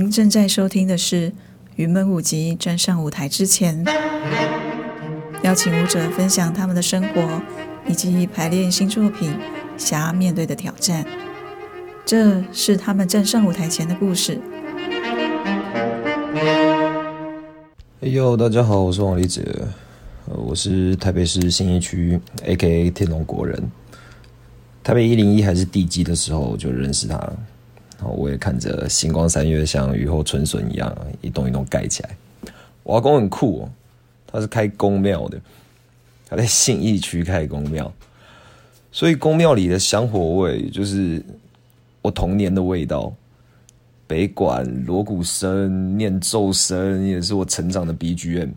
您正在收聽的是《雲門舞集》，站上舞台之前，邀請舞者分享他們的生活以及排練新作品、想要面對的挑戰。這是他們站上舞台前的故事。哎呦，大家好，我是黃立捷，我是台北市信義區，A.K.A. 天龍國人。台北一零一還是地基的時候，我就認識他了。然後我也看着新光三越像雨後春筍一樣一棟一棟蓋起來。我阿公很酷，哦，他是開宮廟的，他在信義區開宮廟，所以宮廟裡的香火味就是我童年的味道。北管鑼鼓聲、念咒聲也是我成長的 BGM。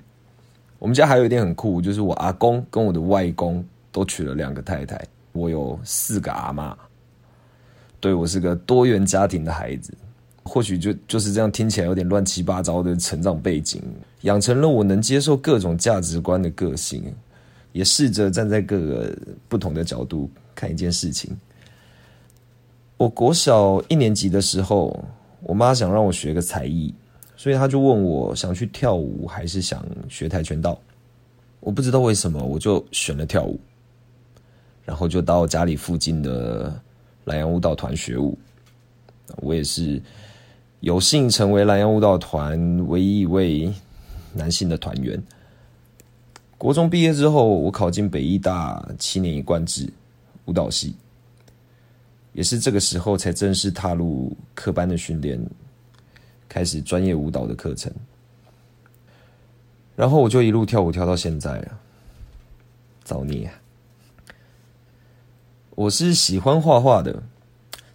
我們家還有一點很酷，就是我阿公跟我的外公都娶了兩個太太，我有四個阿媽。對，我是個多元家庭的孩子，或許就就是這樣聽起來有點亂七八糟的成長背景，養成了我能接受各種價值觀的個性，也試着站在各個不同的角度看一件事情。我國小一年級的時候，我媽想讓我學個才藝，所以她就問我想去跳舞還是想學跆拳道。我不知道為什麼，我就選了跳舞，然後就到家裡附近的。藍洋舞蹈團學舞，我也是有幸成為藍洋舞蹈團唯一一位男性的團員。國中畢業之後，我考進北藝大七年一貫制舞蹈系，也是這個時候才正式踏入科班的訓練，開始專業舞蹈的課程。然後我就一路跳舞跳到現在啊，造孽！我是喜歡畫畫的，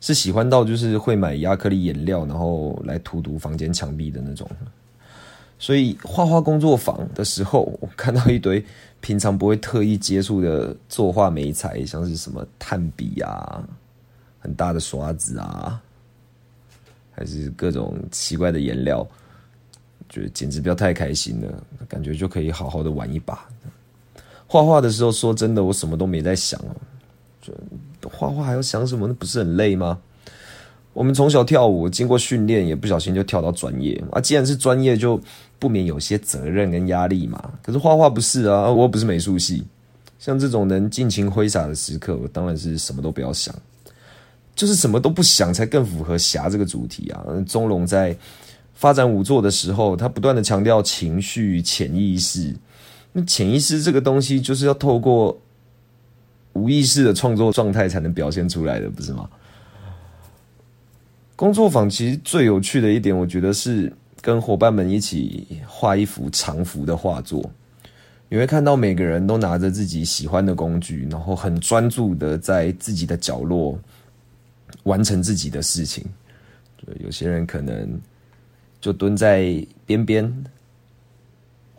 是喜歡到就是會買亞克力顏料，然後來塗塗房間牆壁的那種。所以畫畫工作坊的時候，我看到一堆平常不會特意接觸的作畫媒材，像是什麼炭筆啊、很大的刷子啊，還是各種奇怪的顏料，就簡直不要太開心了，感覺就可以好好的玩一把。畫畫的時候，說真的，我什麼都沒在想就。畫畫還要想什麼？那不是很累嗎？我們從小跳舞，經過訓練，也不小心就跳到專業啊。既然是專業，就不免有些責任跟壓力嘛。可是畫畫不是啊，我又不是美術系。像這種能盡情揮灑的時刻，我當然是什麼都不要想，就是什麼都不想，才更符合霞這個主題啊。宗龍在發展舞作的時候，他不斷的強調情緒、潛意識。那潛意識這個東西，就是要透過。無意識的創作狀態才能表現出來的，不是嗎？工作坊其實最有趣的一點，我覺得是跟夥伴們一起畫一幅長幅的畫作。你會看到每個人都拿着自己喜歡的工具，然後很專注的在自己的角落完成自己的事情。有些人可能就蹲在邊邊。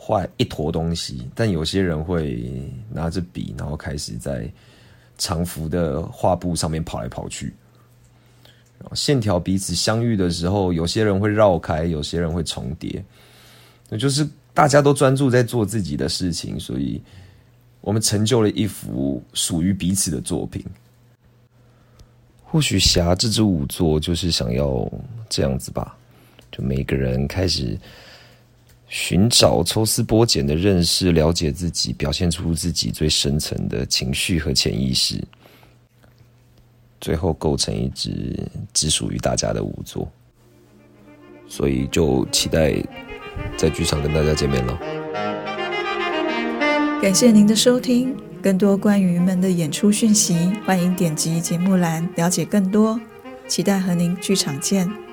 畫一坨東西，但有些人會拿着筆，然後開始在長幅的畫布上面跑來跑去，線條彼此相遇的時候，有些人會繞開，有些人會重疊，那就是大家都專注在做自己的事情，所以我們成就了一幅屬於彼此的作品。或許霞這支舞作就是想要這樣子吧，就每個人開始。尋找抽絲剝繭的認識，了解自己，表現出自己最深層的情緒和潛意識，最後構成一支只屬於大家的舞作。所以就期待在劇場跟大家見面嘍！感謝您的收聽，更多關於我們的演出訊息，歡迎點擊節目欄了解更多。期待和您劇場見！